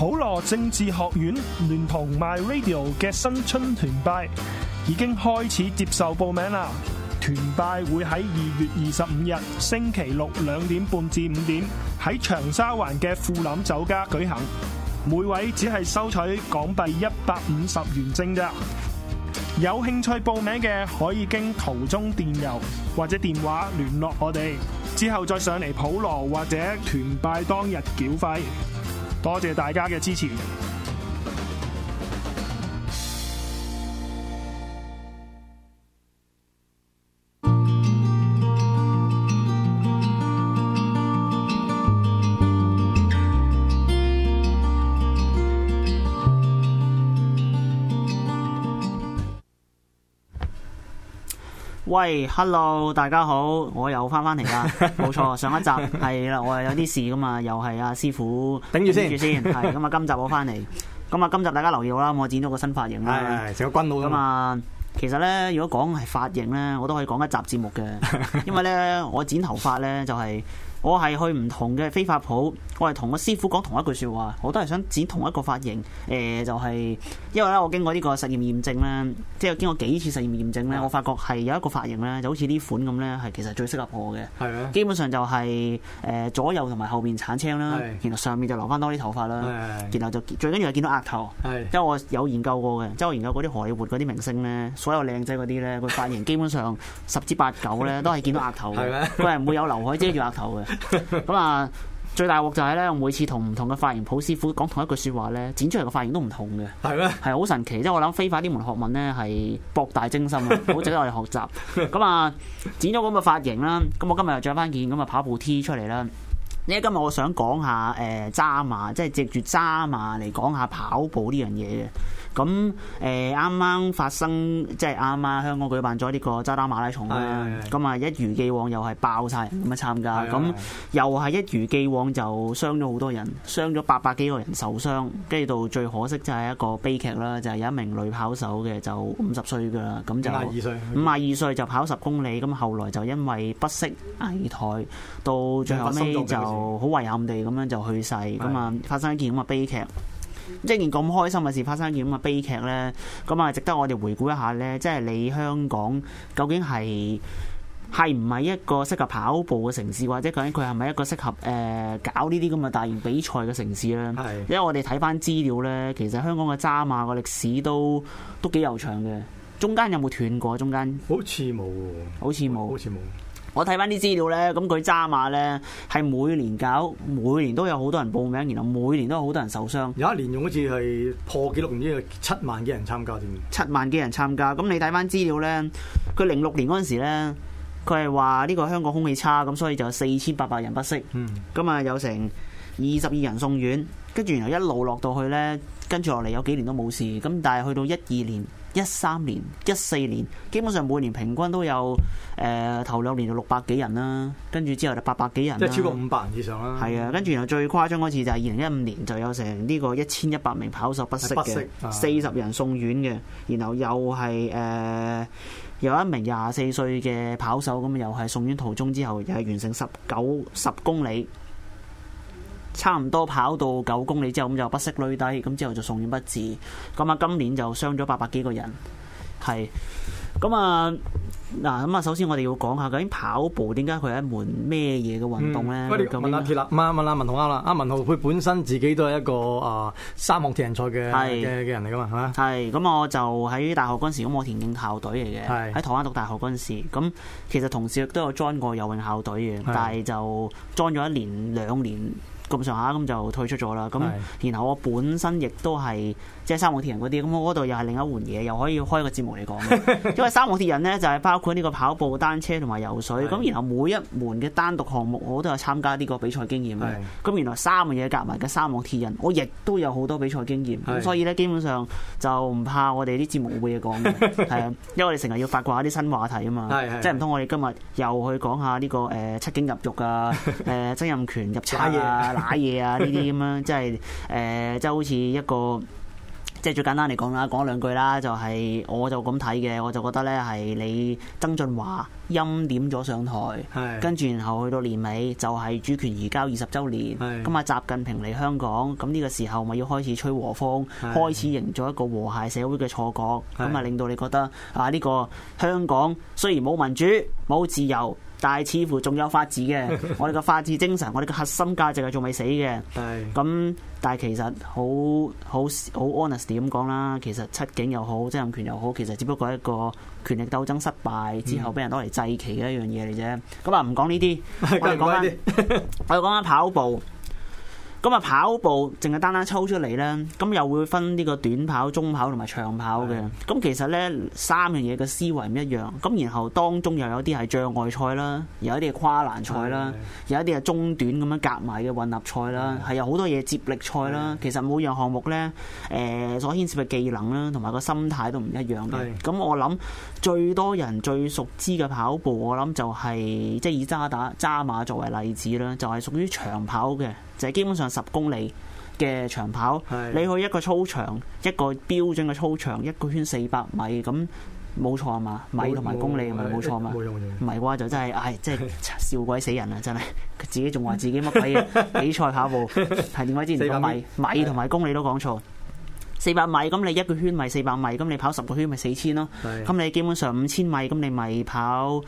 普羅政治學院聯同 My Radio 嘅新春團拜已經開始接受報名啦！團拜會喺二月二十五日星期六兩點半至五點喺長沙灣嘅富林酒家舉行，每位只係收取港幣一百五十元正啫。有興趣報名嘅可以經途中電郵或者電話聯絡我哋，之後再上嚟普羅或者團拜當日繳費。多謝大家嘅支持。喂，Hello，大家好，我又翻翻嚟啦，冇錯， 上一集係啦，我又有啲事噶嘛，又係阿、啊、師傅頂住先，頂住先，係咁啊，今集我翻嚟，咁啊，今集大家留意我啦，我剪咗個新髮型啦，成個軍佬咁啊，其實咧，如果講係髮型咧，我都可以講一集節目嘅，因為咧，我剪頭髮咧就係、是。我係去唔同嘅飛髮鋪，我係同個師傅講同一句説話，我都係想剪同一個髮型。誒、呃，就係、是、因為咧，我經過呢個實驗驗證咧，即係經過幾次實驗驗證咧，我發覺係有一個髮型咧，就好似呢款咁咧，係其實最適合我嘅。係是啊。基本上就係、是、誒、呃、左右同埋後面鏟青啦，是啊、然後上面就留翻多啲頭髮啦，是啊、然後就最緊要係見到額頭。是啊、因為我有研究過嘅，即、就、係、是、我研究嗰啲荷里活嗰啲明星咧，所有靚仔嗰啲咧，個髮型基本上十之八九咧都係見到額頭。佢係唔會有劉海遮住額頭嘅。是啊 咁啊， 最大鑊就係咧，我每次同唔同嘅髮型鋪師傅講同一句說話咧，剪出嚟嘅髮型都唔同嘅，係咩？係好神奇，即係我諗飛髮啲門學問咧係博大精深啊，好值得我哋學習。咁 啊，剪咗咁嘅髮型啦，咁我今日又着翻件咁啊跑步 T 出嚟啦。咧今日我想講下誒渣馬，即係藉住渣馬嚟講下跑步呢樣嘢嘅。咁誒啱啱發生，即係啱啱香港舉辦咗呢個渣打馬拉松咁啊，是是是是一如既往又係爆晒。咁嘅參加。咁又係一如既往就傷咗好多人，傷咗八百幾個人受傷。跟住到最可惜就係一個悲劇啦，就係、是、有一名女跑手嘅就五十歲噶啦，咁就五廿二歲，二歲就跑十公里。咁後來就因為不適危殆，到最後尾就～就好遺憾地咁樣就去世，咁啊的發生一件咁嘅悲劇，即係件咁唔開心嘅事發生一件咁嘅悲劇呢，咁啊值得我哋回顧一下呢。即係你香港究竟係係唔係一個適合跑步嘅城市，或者究竟佢係咪一個適合誒、呃、搞呢啲咁嘅大型比賽嘅城市呢？因為的我哋睇翻資料呢，其實香港嘅渣馬嘅歷史都都幾悠長嘅，中間有冇斷過？中間好似冇喎，好似冇，好似冇。我睇翻啲資料呢，咁佢渣馬呢，係每年搞，每年都有好多人報名，然後每年都有好多人受傷。有一年用好似係破紀錄，唔知係七萬幾人參加添。七萬幾人參加，咁你睇翻資料呢，佢零六年嗰陣時呢，佢係話呢個香港空氣差，咁所以就有四千八百人不適。嗯。咁啊、嗯，有成二十二人送院，跟住然後一路落到去呢，跟住落嚟有幾年都冇事，咁但係去到一二年。一三年、一四年，基本上每年平均都有誒、呃、頭兩年就六百幾人啦、啊，跟住之後就八百幾人、啊，即係超過五百人以上啦。係啊，跟住然後最誇張嗰次就係二零一五年就有成呢個一千一百名跑手不適，嘅，四十人送院嘅，的然後又係誒、呃、有一名廿四歲嘅跑手咁又係送院途中之後又係完成十九十公里。差唔多跑到九公里之後，咁就不識累低，咁之後就送院不治。咁啊，今年就傷咗八百幾個人。係咁啊，嗱咁啊，首先我哋要講下究竟跑步點解佢係一門咩嘢嘅運動咧？嗯、問下鐵男啦，問下、啊、文豪啦。阿文豪佢本身自己都係一個啊，沙、uh, 漠田賽嘅嘅嘅人嚟噶嘛，係嘛嗎？係咁，我就喺大學嗰陣時，咁我田徑校隊嚟嘅，喺台灣讀大學嗰陣時，咁其實同時亦都有 join 過游泳校隊嘅，但係就 join 咗一年兩年。咁上下咁就退出咗啦。咁然後我本身亦都係即係三項鐵人嗰啲，咁我嗰度又係另一門嘢，又可以開個節目嚟講。因為三項鐵人呢，就係包括呢個跑步、單車同埋游水。咁然後每一門嘅單獨項目，我都有參加呢個比賽經驗。咁原來三樣嘢夾埋嘅三項鐵人，我亦都有好多比賽經驗。咁所以呢，基本上就唔怕我哋啲節目會冇嘢講嘅。係啊，因為我哋成日要發掘下啲新話題啊嘛。即係唔通我哋今日又去講下呢個誒七警入獄啊？誒曾蔭權入冊啊？買嘢啊，呢啲咁樣，即係，誒，即係好似一個，即係最簡單嚟講啦，講兩句啦，就係，我就咁睇嘅，我就覺得呢係你曾俊華欽點咗上台，跟住然後去到年尾就係主權移交二十周年，咁啊習近平嚟香港，咁呢個時候咪要開始吹和風，開始營造一個和諧社會嘅錯覺，咁啊令到你覺得啊呢個香港雖然冇民主，冇自由。但係似乎仲有法治嘅， 我哋嘅法治精神，我哋嘅核心價值係仲未死嘅。咁 但係其實好好好 honest 咁講啦，其實七警又好，曾蔭權又好，其實只不過一個權力鬥爭失敗之後俾人攞嚟祭旗嘅一樣嘢嚟啫。咁啊，唔講呢啲，我哋講翻，我哋講下跑步。咁啊！跑步淨係單單抽出嚟咧，咁又會分呢個短跑、中跑同埋長跑嘅。咁是的 其實呢三樣嘢嘅思維唔一樣。咁然後當中又有啲係障礙賽啦，有一啲係跨欄賽啦，是的 有一啲係中短咁樣夾埋嘅混合賽啦，係是的 有好多嘢接力賽啦。是的 其實每樣項目呢誒所牽涉嘅技能啦，同埋個心態都唔一樣嘅。咁是的 我諗最多人最熟知嘅跑步，我諗就係即係以渣打渣馬作為例子啦，就係、是、屬於長跑嘅。就係基本上十公里嘅長跑，是的 你去一個操場，一個標準嘅操場，一個圈四百米咁，冇錯啊嘛，米同埋公里係咪冇錯嘛，唔係嘅話就真係，唉、哎，真係笑鬼死人啦，真係，自己仲話自己乜鬼嘢比賽跑步係點解之前講米米同埋公里都講錯？四百米，咁你一個圈咪四百米，咁你跑十個圈咪四千咯。咁是的 你基本上五千米，咁你咪跑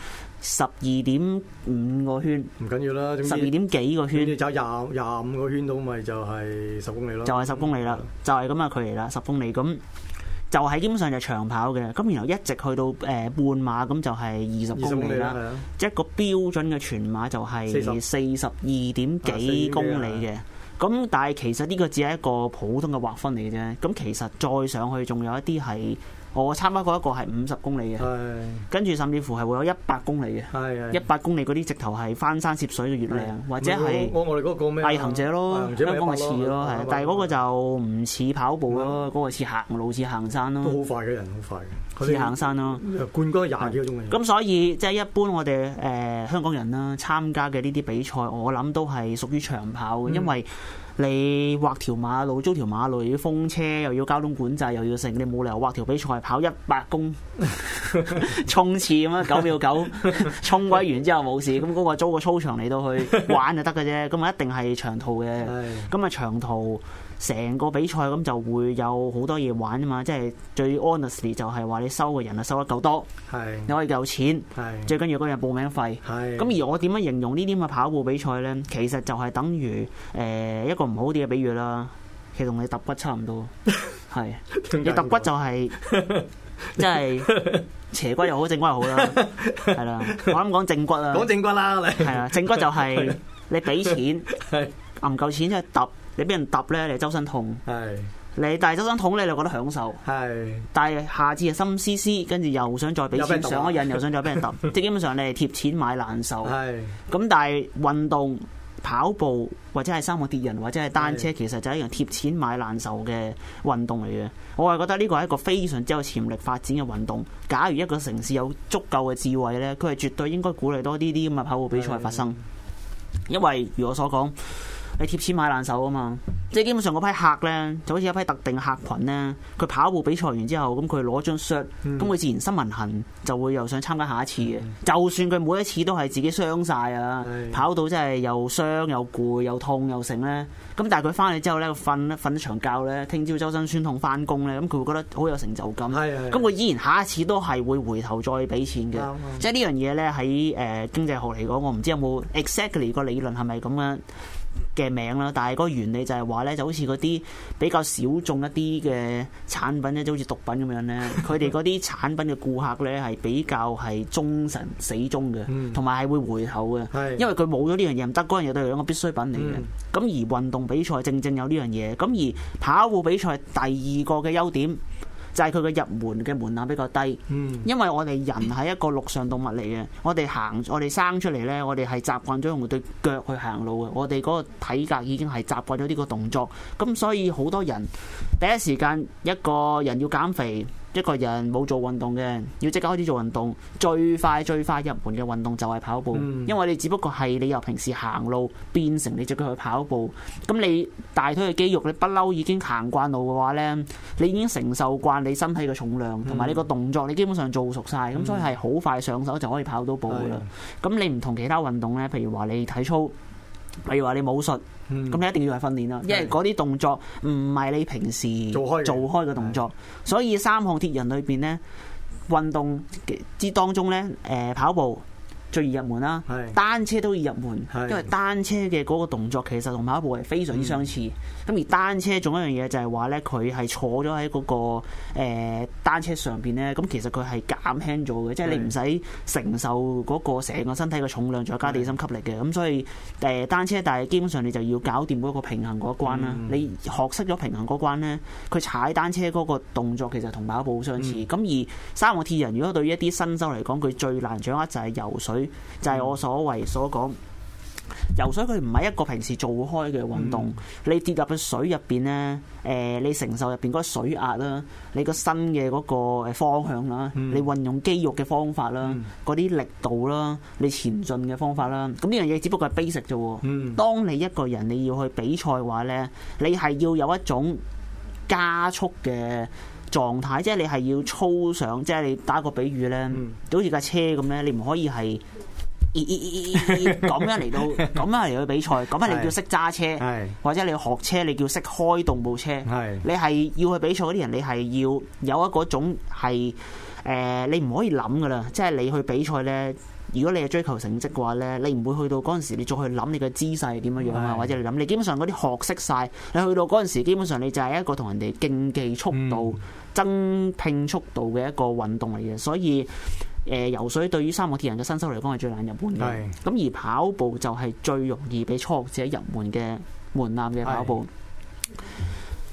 十二點五個圈。唔緊要啦，十二點幾個圈。你走廿廿五個圈都咪就係十公里咯。就係十公里啦，嗯、就係咁嘅距離啦，十公里。咁就係基本上就係長跑嘅。咁然後一直去到誒半馬，咁就係二十公里啦。即係一個標準嘅全馬就係四十二點幾公里嘅。40. 啊咁但係其實呢個只係一個普通嘅劃分嚟嘅啫，咁其實再上去仲有一啲係。我參加過一個係五十公里嘅，跟住甚至乎係會有一百公里嘅，一百公里嗰啲直頭係翻山涉水嘅越野，或者係我哋嗰個咩？毅行者咯，香港嘅似咯，但係嗰個就唔似跑步咯，嗰個似行路似行山咯。都好快嘅人，好快嘅。似行山咯，冠軍廿幾個鐘嘅。咁所以即係一般我哋誒香港人啦，參加嘅呢啲比賽，我諗都係屬於長跑嘅，因為。你劃條馬路，租條馬路，要封車，又要交通管制，又要成。你冇理由劃條比賽跑一百公衝 刺咁樣九秒九衝鬼 完之後冇事，咁、那、嗰個租個操場嚟到去玩就得嘅啫，咁啊一定係長途嘅，咁、那、啊、個、長途。成個比賽咁就會有好多嘢玩啊嘛，即係最 honestly 就係話你收嘅人啊收得夠多，是你可以夠錢，是最緊要嗰日報名費。咁是而我點樣形容呢啲咁嘅跑步比賽咧？其實就係等於誒、呃、一個唔好啲嘅比喻啦，其實同你揼骨差唔多。係， 你揼骨就係即係斜骨又好，正骨又好啦，係啦。 我啱講正骨啊，講正骨啦，你係啊，正骨就係你俾錢，揞唔 夠錢即係揼。你俾人揼咧，你周身痛；是你但係周身痛咧，你又覺得享受。是但係下次心思思，跟住又想再俾錢，上一癮 又想再俾人揼。即係基本上你係貼錢買難受。咁是但係運動跑步或者係三項鐵人或者係單車，是其實就一樣貼錢買難受嘅運動嚟嘅。我係覺得呢個係一個非常之有潛力發展嘅運動。假如一個城市有足夠嘅智慧咧，佢係絕對應該鼓勵多啲啲咁嘅跑步比賽發生的。因為如我所講。你貼錢買難受啊嘛！即係基本上嗰批客咧，就好似一批特定客群咧。佢跑步比賽完之後，咁佢攞張 shot，咁佢自然心痕痕，就會又想參加下一次嘅。嗯、就算佢每一次都係自己傷晒啊，嗯、跑到真係又傷又攰又痛又成咧。咁但係佢翻去之後咧，瞓瞓咗場覺咧，聽朝周身酸痛翻工咧，咁佢會覺得好有成就感。咁佢、嗯、依然下一次都係會回頭再俾錢嘅。即係呢樣嘢咧，喺誒經濟學嚟講，我唔知有冇 exactly 個理論係咪咁樣。嘅名啦，但係嗰個原理就係話咧，就好似嗰啲比較小眾一啲嘅產品咧，就好似毒品咁樣咧，佢哋嗰啲產品嘅顧客咧係比較係忠誠死忠嘅，同埋係會回頭嘅，是 因為佢冇咗呢樣嘢唔得，嗰樣嘢都係兩個必需品嚟嘅。咁、嗯、而運動比賽正正有呢樣嘢，咁而跑步比賽第二個嘅優點。就係佢嘅入門嘅門檻比較低，嗯、因為我哋人係一個陸上動物嚟嘅，我哋行我哋生出嚟呢，我哋係習慣咗用對腳去行路嘅，我哋嗰個體格已經係習慣咗呢個動作，咁所以好多人第一時間一個人要減肥。一個人冇做運動嘅，要即刻開始做運動，最快最快入門嘅運動就係跑步，嗯、因為你只不過係你由平時行路變成你隻腳去跑步，咁你大腿嘅肌肉你不嬲已經行慣路嘅話呢，你已經承受慣你身體嘅重量，同埋、嗯、你個動作你基本上做熟晒，咁所以係好快上手就可以跑到步噶啦。咁、嗯、你唔同其他運動呢，譬如話你體操。例如話你武術，咁、嗯、你一定要去訓練啦，因為嗰啲動作唔係你平時做開做開嘅動作，的所以三項鐵人裏邊呢，運動之當中呢，誒、呃、跑步最易入門啦，係單車都易入門，因為單車嘅嗰個動作其實同跑步係非常之相似。咁、嗯、而單車仲一樣嘢就係話咧，佢係坐咗喺嗰個誒、呃、單車上邊咧，咁其實佢係減輕咗嘅，是即係你唔使承受嗰個成個身體嘅重量再加地心吸力嘅。咁是所以誒、呃、單車，但係基本上你就要搞掂嗰個平衡嗰一關啦。嗯、你學識咗平衡嗰關咧，佢踩單車嗰個動作其實同跑步好相似。咁、嗯、而三項鐵人，如果對於一啲新手嚟講，佢最難掌握就係游水。就係我所謂所講游水，佢唔係一個平時做開嘅運動。嗯、你跌入去水入邊呢，誒、呃，你承受入邊嗰個水壓啦，你的身的個身嘅嗰個誒方向啦，嗯、你運用肌肉嘅方法啦，嗰啲、嗯、力度啦，你前進嘅方法啦，咁呢樣嘢只不過係 basic 啫。嗯、當你一個人你要去比賽話呢，你係要有一種加速嘅。狀態，即係你係要操上，即係你打個比喻咧，嗯、好似架車咁咧，你唔可以係咁樣嚟到，咁樣嚟到比賽，咁樣你叫識揸車，是或者你學車，你叫識開動部車，是你係要去比賽嗰啲人，你係要有一個種係、呃、你唔可以諗噶啦，即係你去比賽咧。如果你係追求成績嘅話咧，你唔會去到嗰陣時，你再去諗你嘅姿勢點樣樣啊，是或者你諗你基本上嗰啲學識晒。你去到嗰陣時，基本上你就係一個同人哋競技速度、嗯、爭拼速度嘅一個運動嚟嘅。所以，誒、呃、游水對於三項鐵人嘅新手嚟講係最難入門嘅，咁是而跑步就係最容易俾初學者入門嘅門檻嘅跑步。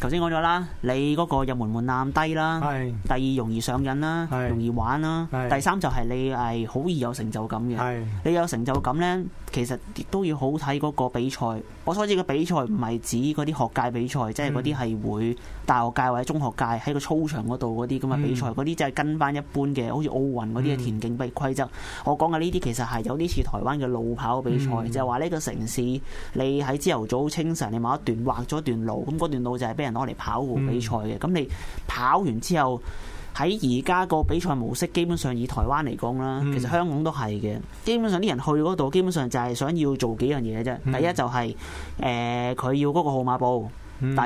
頭先講咗啦，你嗰個入門門檻低啦，第二容易上癮啦，容易玩啦，第三就係你係好易有成就感嘅。你有成就感呢，其實都要好睇嗰個比賽。我所指嘅比賽唔係指嗰啲學界比賽，即係嗰啲係會大學界或者中學界喺個操場嗰度嗰啲咁嘅比賽，嗰啲就係跟翻一般嘅，好似奧運嗰啲嘅田徑嘅規則。我講嘅呢啲其實係有啲似台灣嘅路跑比賽，就係話呢個城市你喺朝頭早清晨你某一段劃咗一段路，咁段路就係攞嚟跑步比賽嘅，咁、嗯、你跑完之後，喺而家個比賽模式基本上以台灣嚟講啦，其實香港都係嘅。基本上啲人去嗰度，基本上就係想要做幾樣嘢啫。第一就係誒佢要嗰個號碼布，第二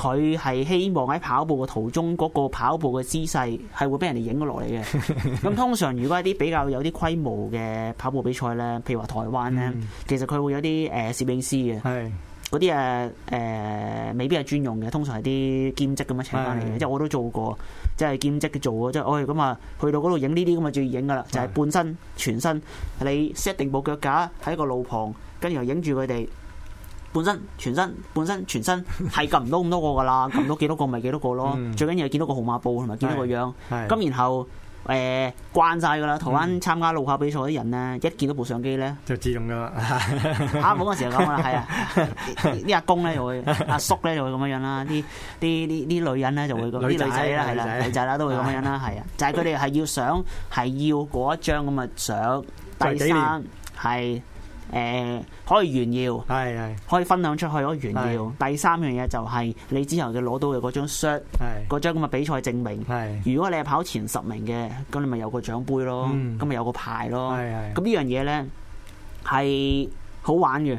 佢係希望喺跑步嘅途中嗰、嗰個跑步嘅姿勢係會俾人哋影咗落嚟嘅。咁、 啊、通常如果一啲比較有啲規模嘅跑步比賽呢，譬如話台灣呢，嗯、其實佢會有啲誒攝影師嘅。嗰啲誒誒未必係專用嘅，通常係啲兼職咁樣請翻嚟嘅，是的 即係我都做，就是、做過，即係兼職做啊！即係我係咁啊，去到嗰度影呢啲咁啊，就要影噶啦，就係半身、全身，你 set 定部腳架喺個路旁，跟住又影住佢哋，半身、全身、半身、全身，係撳唔到咁多個噶啦，撳唔到幾多個咪幾多個咯， 嗯、最緊要係見到個號碼布同埋見到個樣，咁是的、嗯、然後。誒關晒㗎喇！台灣參加路跑比賽啲人咧，一見到部相機咧，就自動㗎喇。啱好嘅時候講㗎喇，係啊，啲阿公咧就會，阿叔咧就會咁樣樣啦，啲啲啲啲女人咧就會，啲女仔啦係啦，女仔啦都會咁樣樣啦，係啊，就係佢哋係要相，係要嗰一張咁嘅相，第三係。誒、呃、可以炫耀，係係是是 可以分享出去，可以炫耀。是是第三樣嘢就係你之後嘅攞到嘅嗰張 shirt，嗰是是 張咁嘅比賽證明。係是是 如果你係跑前十名嘅，咁你咪有個獎杯咯，咁咪、嗯、有個牌咯。係係是是。咁呢樣嘢咧係好玩嘅，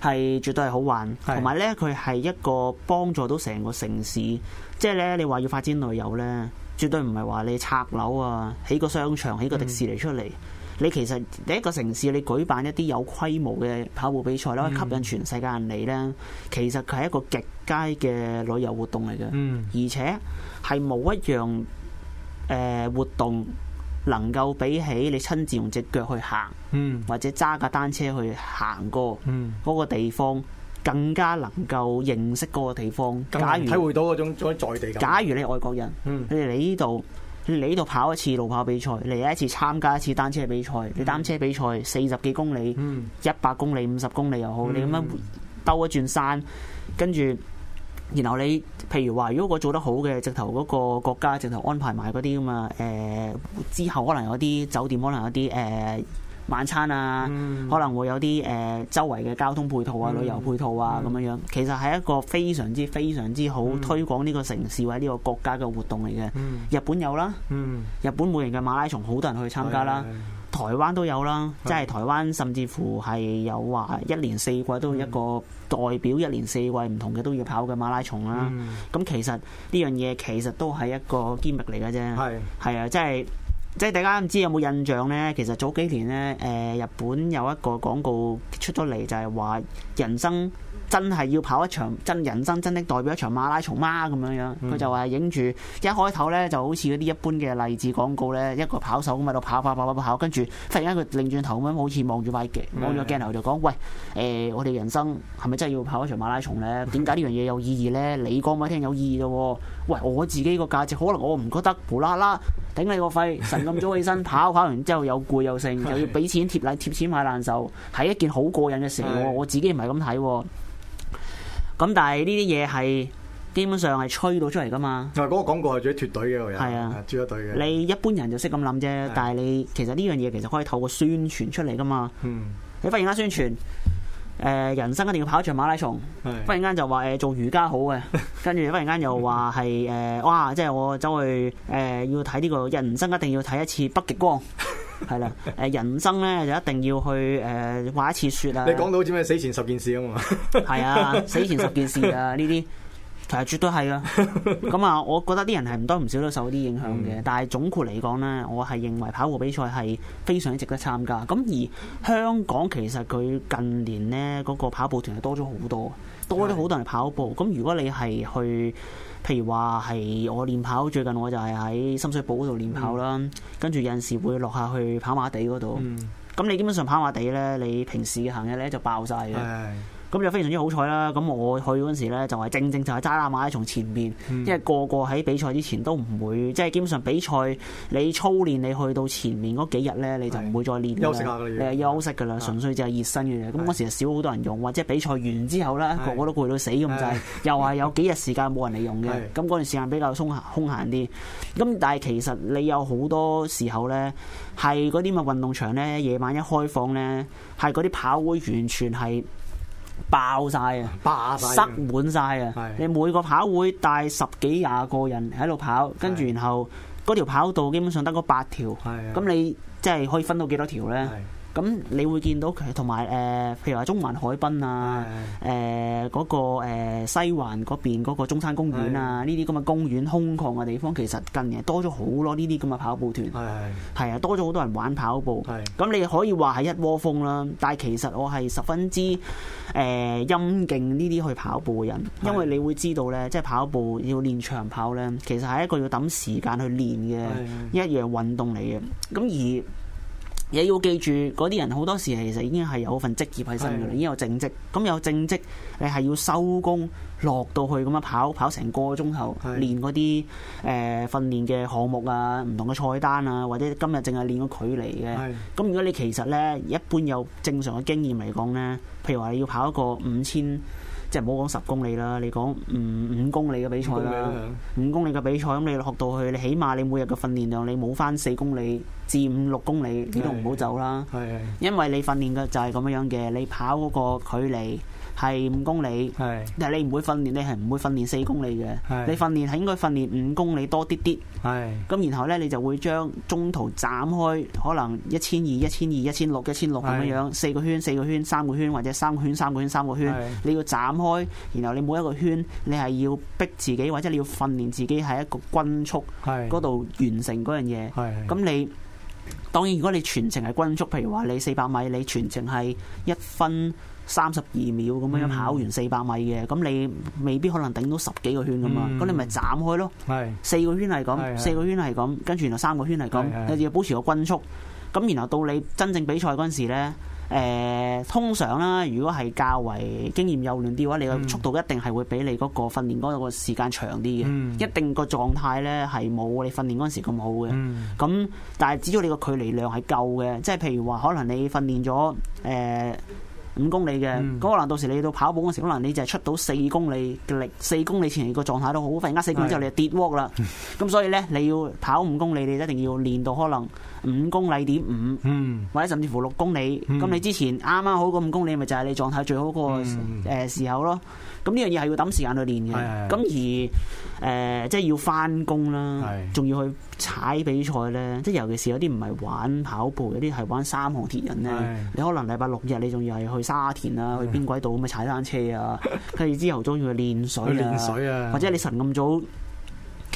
係絕對係好玩。同埋咧，佢係一個幫助到成個城市，即係咧你話要發展旅遊咧，絕對唔係話你拆樓啊，起個商場，起個迪士尼出嚟。嗯你其實你一個城市，你舉辦一啲有規模嘅跑步比賽咧，吸引全世界人嚟咧，其實佢係一個極佳嘅旅遊活動嚟嘅，嗯，而且係冇一樣誒活動能夠比起你親自用隻腳去行，嗯，或者揸架單車去行過，嗯，嗰個地方更加能夠認識嗰個地方，更加體會到嗰種在地感。假如你係外國人，嗯，你哋嚟呢度。你呢度跑一次路跑比賽，嚟一次參加一次單車比賽。你單車比賽四十幾公里、一百、嗯、公里、五十公里又好，你咁樣兜一轉山，跟住，然後你譬如話，如果我做得好嘅，直頭嗰個國家直頭安排埋嗰啲咁嘛，誒、呃、之後可能有啲酒店，可能有啲誒。呃晚餐啊，嗯、可能會有啲誒，周圍嘅交通配套啊，嗯、旅遊配套啊，咁樣樣，其實係一個非常之非常之好推廣呢個城市或者呢個國家嘅活動嚟嘅。嗯、日本有啦，嗯、日本每年嘅馬拉松好多人去參加啦，台灣都有啦，即係台灣甚至乎係有話一年四季都一個代表一年四季唔同嘅都要跑嘅馬拉松啦。咁、嗯、其實呢樣嘢其實都係一個機密嚟嘅啫，係係啊，即係。即係大家唔知有冇印象咧？其實早幾年咧，誒日本有一個廣告出咗嚟，就係話人生。真係要跑一場，真人生真的代表一場馬拉松嗎咁樣樣？佢就話影住一開頭呢就好似嗰啲一般嘅勵志廣告呢，一個跑手咁喺度跑跑跑跑跑，跟住忽然間佢擰轉頭咁好似望住塊鏡，望住個鏡頭就講，喂，誒、呃、我哋人生係咪真係要跑一場馬拉松呢？點解呢樣嘢有意義呢？你講俾我聽有意義啫喎！喂，我自己個價值可能我唔覺得，無啦啦頂你個肺！晨咁早起身跑跑完之後又攰又剩，又的要俾錢貼禮貼錢買難受，係一件好過癮嘅事的我自己唔係咁睇喎。咁但係呢啲嘢係基本上係吹到出嚟噶嘛？啊，嗰、那個廣告係最脱隊嘅，又係，係啊，最脫隊嘅。你一般人就識咁諗啫，的但係你其實呢樣嘢其實可以透過宣傳出嚟噶嘛？嗯，你忽然間宣傳，誒、呃，人生一定要跑一場馬拉松，的忽然間就話誒、呃、做瑜伽好嘅， 跟住忽然間又話係誒，哇！即、就、係、是、我走去誒、呃、要睇呢、這個人生一定要睇一次北極光。係啦，誒、呃，人生咧就一定要去誒，滑、呃、一次雪啊！你講到好似咩死前十件事啊嘛，係啊，死前十件事啊呢啲，係、 其實、絕對係噶。咁啊、 嗯，我覺得啲人係唔多唔少都受啲影響嘅。但係總括嚟講咧，我係認為跑步比賽係非常之值得參加。咁而香港其實佢近年咧嗰、那個跑步團係多咗好多，多咗好多人跑步。咁如果你係去。譬如話係我練跑，最近我就係喺深水埗度練跑啦，跟住、嗯、有陣時會落下去跑馬地嗰度。咁、嗯、你基本上跑馬地呢，你平時嘅行嘅呢就爆晒嘅的。咁就非常之好彩啦！咁我去嗰陣時咧，就係正正就係渣拉馬喺從前面，嗯、因為個個喺比賽之前都唔會即係、就是、基本上比賽你操練，你去到前面嗰幾日咧，你就唔會再練休息下嘅休息嘅啦，是純粹就係熱身嘅。咁嗰時少好多人用，或者比賽完之後咧，是個個都攰到死咁滯，是就又係有幾日時間冇人嚟用嘅。咁嗰是段時間比較鬆空閒啲。咁但係其實你有好多時候咧，係嗰啲乜運動場咧，夜晚一開放咧，係嗰啲跑會完全係。爆晒啊！爆了塞滿晒啊！是的 你每個跑會帶十幾廿個人喺度跑，跟住然後嗰條跑道基本上得嗰八條，咁是的 你即係可以分到幾多條呢？咁你會見到佢同埋誒，譬如話中環海濱啊，誒嗰是的、呃嗰個、呃、西環嗰邊嗰個中山公園啊，呢啲咁嘅公園空曠嘅地方，其實近年多咗好多呢啲咁嘅跑步團，係係係啊，多咗好多人玩跑步。咁是的 你可以話係一窩蜂啦，但係其實我係十分之誒欽敬呢啲去跑步嘅人，因為你會知道咧，即係跑步要練長跑咧，其實係一個要揼時間去練嘅一樣運動嚟嘅。咁而也要記住，嗰啲人好多時其實已經係有份職業喺身嘅是的 已經有正職。咁有正職，你係要收工落到去，咁樣跑跑成個鐘頭，是的 練嗰啲誒訓練嘅項目啊，唔同嘅菜單啊，或者今日淨係練個距離嘅。咁是的 如果你其實呢一般有正常嘅經驗嚟講呢，譬如話你要跑一個五千。即係唔好講十公里啦，你講五五公里嘅比賽啦，五公里嘅、啊、比賽咁，你學到去，你起碼你每日嘅訓練量，你冇翻四公里至五六公里，的你都唔好走啦。的因為你訓練嘅就係咁樣樣嘅，你跑嗰個距離，係五公里，是但係你唔會訓練，你係唔會訓練四公里嘅。是你訓練係應該訓練五公里多啲啲。咁是然後咧，你就會將中途斬開，可能一千二、一千二、一千六、一千六咁樣樣，四個圈、四個圈、三個圈或者三個圈、三個圈、三個圈。是你要斬開，然後你每一個圈，你係要逼自己，或者你要訓練自己喺一個均速嗰度完成嗰樣嘢。咁是你當然，如果你全程係均速，譬如話你四百米，你全程係一分三十二秒咁樣樣跑、嗯、完四百米嘅，咁你未必可能頂到十幾個圈咁嘛，咁、嗯、你咪斬開咯，四是個圈係咁，四是個圈係咁，跟住然後三個圈係咁，是是是你要保持個均速，咁然後到你真正比賽嗰陣時咧。誒通常啦，如果係較為經驗幼嫩啲嘅話，嗯、你嘅速度一定係會比你嗰個訓練嗰個時間長啲嘅。嗯、一定個狀態咧係冇你訓練嗰陣時咁好嘅。咁、嗯、但係只要你個距離量係夠嘅，即係譬如話可能你訓練咗誒五公里嘅，嗯、可能到時你到跑步嗰時，可能你就係出到四公里力，四公里前個狀態都好，忽然呃四公里之後你就跌喎啦。咁是的 所以咧，你要跑五公里，你一定要練到可能。五公里點五，或者甚至乎六公里，咁、嗯、你之前啱啱好個五公里咪就係、是、你狀態最好個誒時候咯？咁呢、嗯、樣嘢係要抌時間去練嘅。咁而誒，即、呃、係、就是、要翻工啦，仲對要去踩比賽咧，即係尤其是有啲唔係玩跑步，有啲係玩三項鐵人咧。對你可能禮拜六日你仲要係去沙田啦，去邊鬼度咁啊？對踩單車後後啊，跟住之後仲要練水，或者你晨咁早。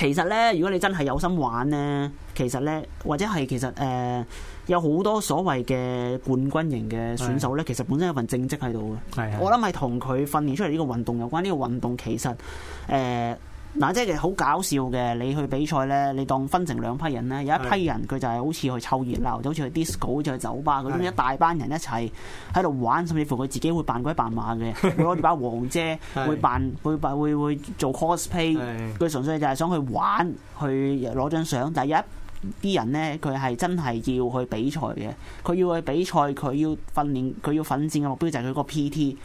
其實咧，如果你真係有心玩咧，其實咧，或者係其實誒、呃，有好多所謂嘅冠軍型嘅選手咧，其實本身有份正職喺度嘅。係。我諗係同佢訓練出嚟呢個運動有關。呢、呢個運動其實誒。呃嗱，即係好搞笑嘅，你去比賽咧，你當分成兩批人咧，有一批人佢就係好似去湊熱鬧，就好似去 disco，好似去酒吧咁樣一大班人一齊喺度玩，甚至乎佢自己會扮鬼扮馬嘅，會攞住把黃遮，會扮會扮會會做 cosplay，佢純 粹就係想去玩，去攞張相第一。啲人呢，佢係真係要去比賽嘅，佢要去比賽，佢要訓練，佢要奮戰嘅目標就係佢個 PT，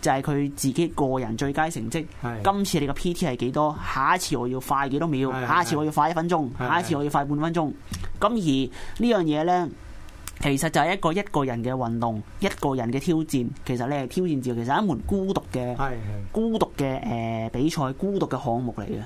就係佢自己個人最佳成績。的今次你個 PT 係幾多？下一次我要快幾多秒？的下一次我要快一分鐘？的下一次我要快半分鐘？咁的而呢樣嘢呢，其實就係一個一個人嘅運動，一個人嘅挑戰。其實呢，係挑戰自我，其實係一門孤獨嘅、的孤獨嘅誒、呃、比賽、孤獨嘅項目嚟嘅。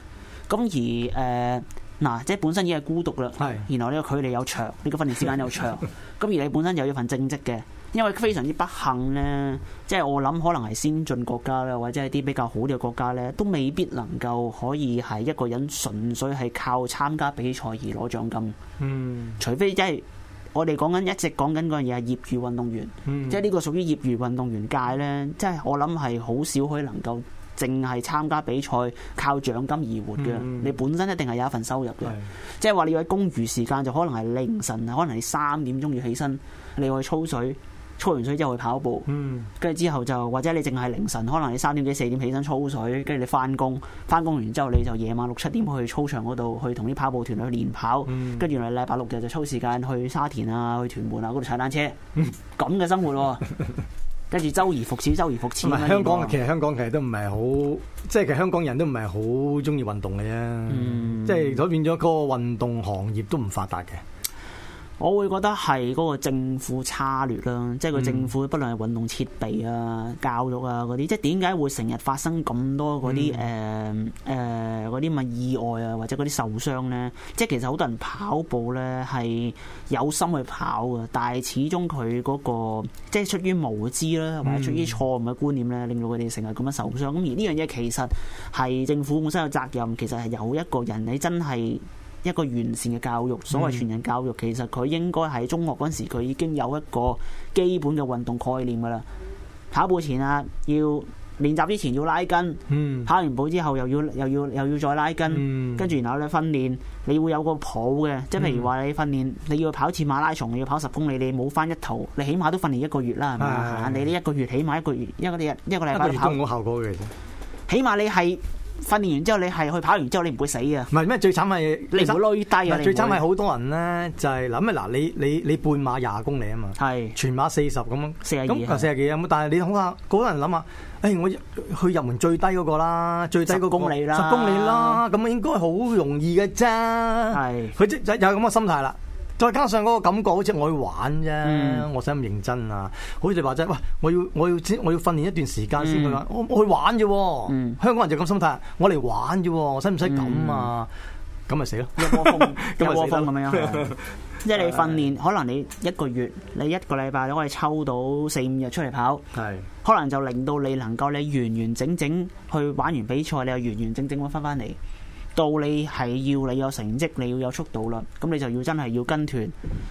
咁而誒。呃呃嗱，即係本身已經係孤獨啦，是然後呢個距離又長，呢、這個訓練時間又長，咁 而你本身有一份正職嘅，因為非常之不幸咧，即、就、係、是、我諗可能係先進國家咧，或者係啲比較好嘅國家咧，都未必能夠可以係一個人純粹係靠參加比賽而攞獎金。嗯，除非即係我哋講緊一直講緊嗰樣嘢係業餘運動員，嗯、即係呢個屬於業餘運動員界咧，即、就、係、是、我諗係好少可以能夠。淨係參加比賽靠獎金而活嘅，嗯、你本身一定係有一份收入嘅。嗯、即係話你要喺公餘時間就可能係凌晨，可能係三點鐘要起身，你要去操水，操完水之後去跑步。跟住、嗯、之後就或者你淨係凌晨，可能你三點幾四點起身操水，跟住你翻工，翻工完之後你就夜晚六七點去操場嗰度去同啲跑步團去練跑，跟住原嚟禮拜六日就抽時間去沙田啊、去屯門啊嗰度踩單車，咁嘅生活喎、啊。 跟住周而復始，周而復始。唔係香港，呢個、其實香港其實都唔係好，即係其實香港人都唔係好鍾意運動嘅啫，嗯、即係改變咗個運動行業都唔發達嘅。我會覺得係嗰個政府差劣啦，即係個政府，不論係運動設備啊、教育啊嗰啲，即係點解會成日發生咁多嗰啲誒誒嗰啲咩意外啊，或者嗰啲受傷咧？即係其實好多人跑步咧係有心去跑嘅，但係始終佢嗰個即係出於無知啦，或者出於錯誤嘅觀念咧，令到佢哋成日咁樣受傷。咁而呢樣嘢其實係政府本身有責任，其實係有一個人你真係。一個完善嘅教育，所謂全人教育，其實佢應該喺中學嗰陣時，佢已經有一個基本嘅運動概念㗎喇。跑步前啊，要練習之前要拉筋，嗯、跑完步之後又要又要又要再拉筋，跟住、嗯、然後咧訓，訓練，你會有個譜嘅。即係譬如話，你訓練你要跑一次馬拉松，你要跑十公里，你冇翻一套，你起碼都訓練一個月啦，係咪、嗯嗯、你呢一個月起碼一個月，因為你一個禮拜跑冇效果嘅，起碼你係。訓練完之後，你係去跑完之後你唔會死啊！唔係咩？最慘係你會累低啊！最慘係好多人咧就係諗啊嗱，你你你，你半馬廿公里啊嘛，係是全馬四十咁樣，咁四十幾啊！咁是但係你好啊，嗰啲人諗下：哎「誒我去入門最低嗰、嗰個啦，最低嗰、嗰個、公里啦，十公里啦，咁、啊、應該好容易嘅啫。係佢即就有咁嘅心態啦。再加上嗰個感覺，好似我去玩啫，嗯、我使咁認真啊？好似你話齋，喂，我要我要我要訓練一段時間先去玩，嗯、我去玩啫、啊。嗯、香港人就咁心態，我嚟玩啫，使唔使咁啊？咁咪、嗯啊、死咯，一窩蜂，一窩蜂咁樣。即係你訓練，可能你一個月，你一個禮拜都可以抽到四五日出嚟跑，的可能就令到你能夠你完完整整去玩完比賽，你又完完整整會翻翻嚟。到你係要你有成績，你要有速度啦，咁你就要真係要跟團，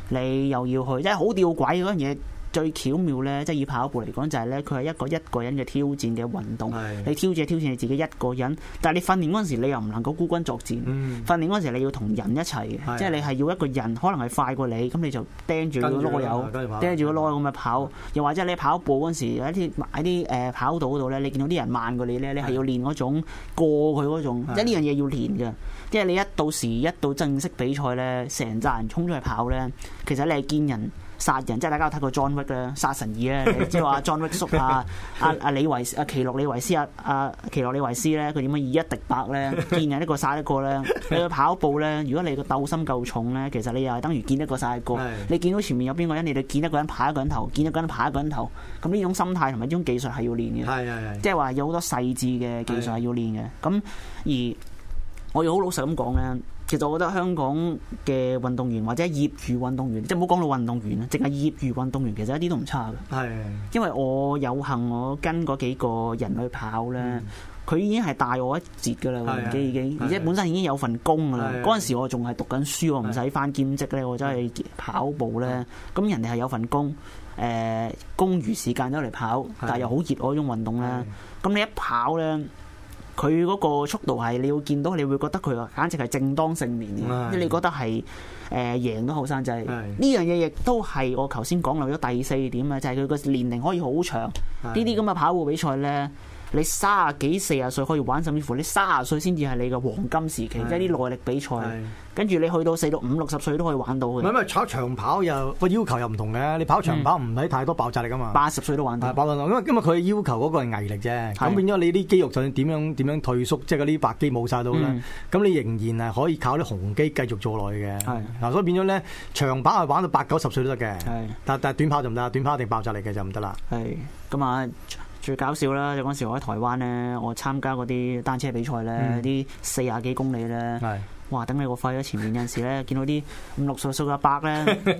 你又要去，真係好吊詭嗰樣嘢。最巧妙咧，即係以跑步嚟講，就係咧，佢係一個一個人嘅挑戰嘅運動。是你挑戰挑戰你自己一個人，但係你訓練嗰陣時，你又唔能夠孤軍作戰。嗯、訓練嗰陣時，你要同人一齊嘅，是即係你係要一個人，可能係快過你，咁你就釘住個籮柚，釘住、啊、個籮柚咁樣跑。是又或者你跑步嗰陣時，喺啲啲誒跑道嗰度咧，你見到啲人慢過你咧，你係要練嗰種過佢嗰種，即係呢樣嘢要練嘅。即係你一到時一到正式比賽咧，成扎人衝出去跑咧，其實你係堅人。殺人，即係大家有睇過 John Wick 啦，殺神二咧，即係話 John Wick 叔 啊，阿、啊、阿、啊、李維阿、啊、奇洛李維斯阿阿、啊啊、奇洛李維斯咧，佢點樣以一敵百咧？見人一個殺一個咧，你去跑步咧，如果你個鬥心夠重咧，其實你又係等於見一個殺一個。的你見到前面有邊個人，你就見一個人爬一個人頭，見一個人爬一個人頭。咁呢種心態同埋呢種技術係要練嘅，的即係話有好多細緻嘅技術係要練嘅。咁的的而。我要好老實咁講咧，其實我覺得香港嘅運動員或者業餘運動員，即係唔好講到運動員啊，淨係業餘運動員，業餘運動員其實一啲都唔差嘅。係，是的 因為我有幸我跟嗰幾個人去跑咧，佢、嗯、已經係大我一截噶啦，年紀已經，而且本身已經有份工噶啦。嗰陣是的 時我仲係讀緊書，我唔使返兼職咧，我走去跑步咧。咁是的 人哋係有份工，誒，工餘時間都嚟跑，但係又好熱嗰種運動咧。咁是的 你一跑咧。佢嗰個速度係，你要見到，你會覺得佢簡直係正當盛年，的你覺得係誒、呃、贏到後生仔。呢樣嘢亦都係我頭先講漏咗第四點啊，就係佢個年齡可以好長。呢啲咁嘅跑步比賽呢。你卅幾四啊歲可以玩，甚至乎你卅歲先至係你嘅黃金時期，即係啲耐力比賽。跟住你去到四到五六十歲都可以玩到嘅。唔係唔係，跑長跑又個要求又唔同嘅。你跑長跑唔使太多爆炸力啊嘛。八十歲都玩得。係，因為因為佢要求嗰個係毅力啫。咁變咗你啲肌肉就算點樣點樣退縮，即係嗰啲白肌冇晒到啦。咁你仍然係可以靠啲紅肌繼續做耐嘅。嗱，所以變咗咧，長跑係玩到八九十歲都得嘅。係，但但係短跑就唔得，短跑一定爆炸力嘅就唔得啦。係，咁啊。最搞笑啦！就嗰時我喺台灣咧，我參加嗰啲單車比賽咧，啲四廿幾公里咧，哇！頂你個肺啦！前面嗰陣時咧，見到啲五六十歲嘅阿伯咧，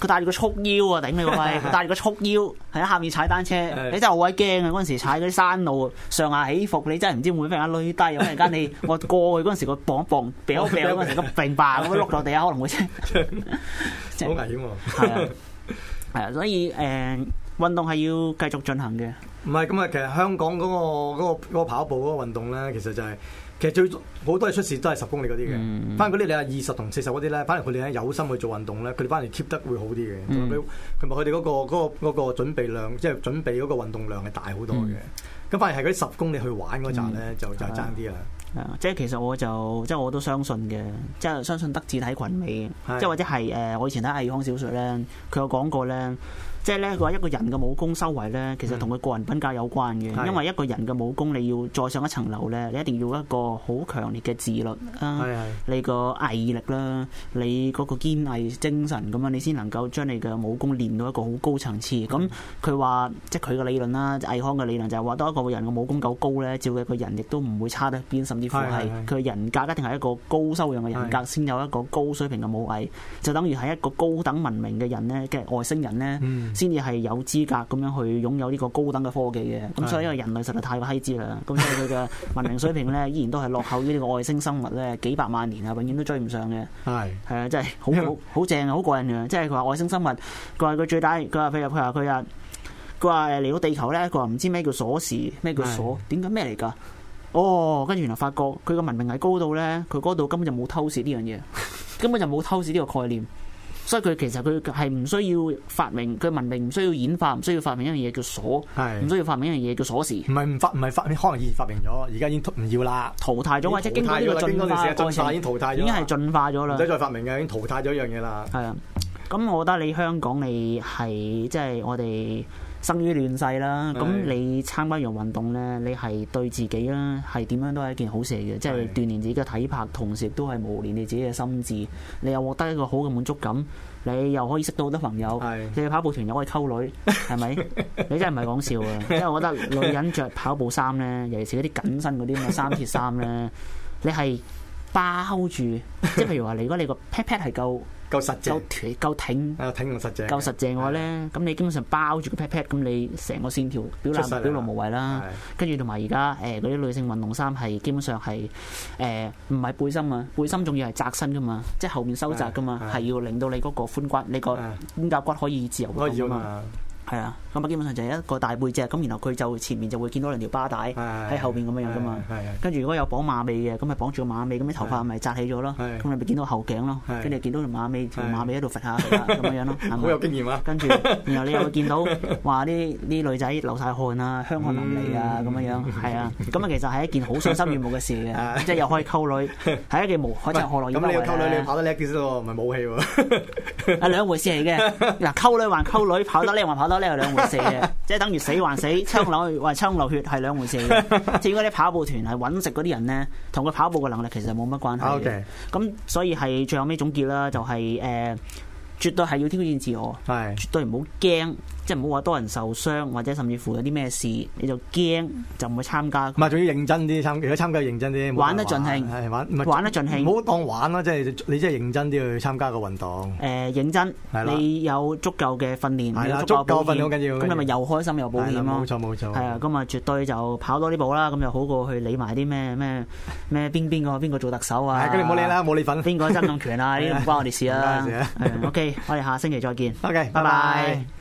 佢帶住個束腰啊，頂你個肺！佢帶住個束腰喺下面踩單車，你真係好鬼驚啊！嗰陣時踩嗰啲山路上下起伏，你真係唔知會唔會俾人累低。突然間你我過去嗰陣時，佢嘣一嘣，跌一跌嗰時，佢平吧咁碌落地啊，可能會即係好危險啊。係啊，所以誒。運動係要繼續進行嘅。唔係咁啊，其實香港嗰、那個、那個、那個跑步嗰個運動咧，其實就係、是、其實最好多嘢出事都係十公里嗰啲嘅。反嗰啲你啊二十同四十嗰啲咧，反而佢哋有心去做運動咧，佢哋反而 keep 得會好啲嘅。同埋佢哋嗰個嗰、那個、那個那個準備量，即係準備嗰個運動量係大好多嘅。咁、嗯、反而係嗰啲十公里去玩嗰紮咧，嗯、就就爭啲啊。即係其實我就即係我都相信嘅，即係相信德智體群美，的即係或者係誒、呃，我以前睇倪匡小說咧，佢有講過咧。即係咧，佢話一個人嘅武功修為咧，其實同佢個人品格有關嘅。嗯、因為一個人嘅武功，你要再上一層樓咧，你一定要一個好強烈嘅自律啦、嗯是，你個毅力啦，你嗰個堅毅精神咁樣，你先能夠將你嘅武功練到一個好高層次。咁佢話，即係佢嘅理論啦，倪匡嘅理論就係話，當一個人嘅武功夠高咧，照佢個人亦都唔會差得去邊，甚至乎係佢人格一定係一個高修養嘅人格，先是是 有一個高水平嘅武藝。就等於係一個高等文明嘅人咧，嘅外星人咧。嗯嗯先至係有資格咁樣去擁有呢個高等嘅科技嘅，咁所以因為人類實在太閪智啦，咁所以佢嘅文明水平咧， 依然都係落後於呢個外星生物咧幾百萬年啊，永遠都追唔上嘅。係係啊，真係 好好正好過癮啊！即係佢話外星生物，佢話佢最大，佢話譬如佢話佢啊，佢話嚟到地球咧，佢話唔知咩叫鎖匙，咩叫鎖，點解咩嚟㗎？哦，跟住原來發覺佢嘅文明係高到咧，佢嗰度根本就冇偷竊呢樣嘢，根本就冇偷竊呢個概念。所以佢其實佢係唔需要發明，佢文明唔需要演化，唔需要發明一樣嘢叫鎖，唔是需要發明一樣嘢叫鎖匙。唔係唔發唔係發明，可能已經發明咗，而家已經唔要啦，淘汰咗或者經過呢個進化過程，經過過程已經係進化咗啦，唔使了再發明嘅，已經淘汰咗一樣嘢啦。係啊，咁我覺得你香港你係即係我哋。生於亂世啦，咁你參加一樣運動咧，你係對自己啦，係點樣都係一件好事嚟嘅，即係鍛鍊自己嘅體魄，同時都係磨練你自己嘅心智。你又獲得一個好嘅滿足感，你又可以識到好多朋友。你嘅跑步團又可以溝女，係咪？ 你真係唔係講笑啊？因為我覺得女人着跑步衫咧，尤其是嗰啲緊身嗰啲咁嘅三鐵衫咧，你係包住。即係譬如話，如果你個 pat pat 係夠。夠實淨，夠挺，夠、啊、挺同實淨。夠實淨嘅話咧，咁的你基本上包住個 pat pat，咁你成個線條表露表露無遺啦。的跟住同埋而家誒嗰啲女性運動衫係基本上係誒唔係背心啊，背心仲要係窄身噶嘛，即係後面收窄噶嘛，係的的要令到你嗰個髖骨，你個肩胛骨可以自由嘛。可以係啊，咁啊基本上就係一個大背脊，咁然後佢就前面就會見到兩條巴帶喺後邊咁樣樣噶嘛。跟住如果有綁馬尾嘅，咁咪綁住個馬尾，咁啲頭髮咪紮起咗咯。係。咁你咪見到後頸咯，跟住見到條馬尾，條馬尾喺度揈下咁樣樣咯。好有經驗啊！跟住，然後你又會見到，話，啲啲女仔流晒汗啊，香汗淋漓啊，咁樣樣。係啊，咁啊其實係一件好賞心悅目嘅事嘅，即係又可以溝女，係一件無可再可奈咁。咁你要溝女，你跑得叻啲先喎，唔係武器喎。係兩回事嚟嘅，嗱，溝女還溝女，跑得叻還跑得。呢係兩回事嘅， 即係等於死還死，抽流還抽流血係兩回事。至於嗰啲跑步團係揾食嗰啲人咧，同佢跑步嘅能力其實冇乜關係嘅。咁 Okay. 所以係最後尾總結啦，就係、是、誒。呃絕對係要挑戰自我，係絕對唔好驚，即係唔好話多人受傷或者甚至乎有啲咩事，你就驚就唔會參加。唔係，仲要認真啲參，如果參加認真啲，玩得盡興，係玩玩得盡興，唔好當玩啦，即係你真係認真啲去參加個運動。誒，認真，你有足夠嘅訓練，係啦，足夠訓練好緊要。咁你咪又開心又保險咯，冇錯冇錯。係啊，咁啊絕對就跑多啲步啦，咁又好過去理埋啲咩咩咩邊邊個邊個做特首啊？咁你唔好理啦，冇你份。邊個曾蔭權啊？呢啲唔關我哋事啦。我哋下星期再見。OK，拜拜。